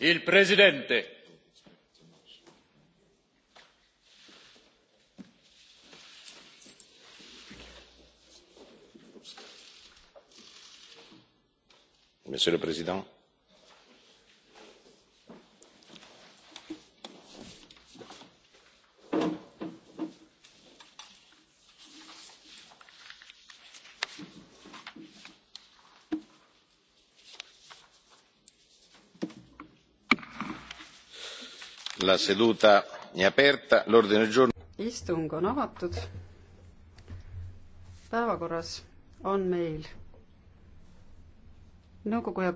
il presidente monsieur le président La seduta è aperta. L'ordine del giorno. Istung on avatud. Päevakorras on meil nõukogu ja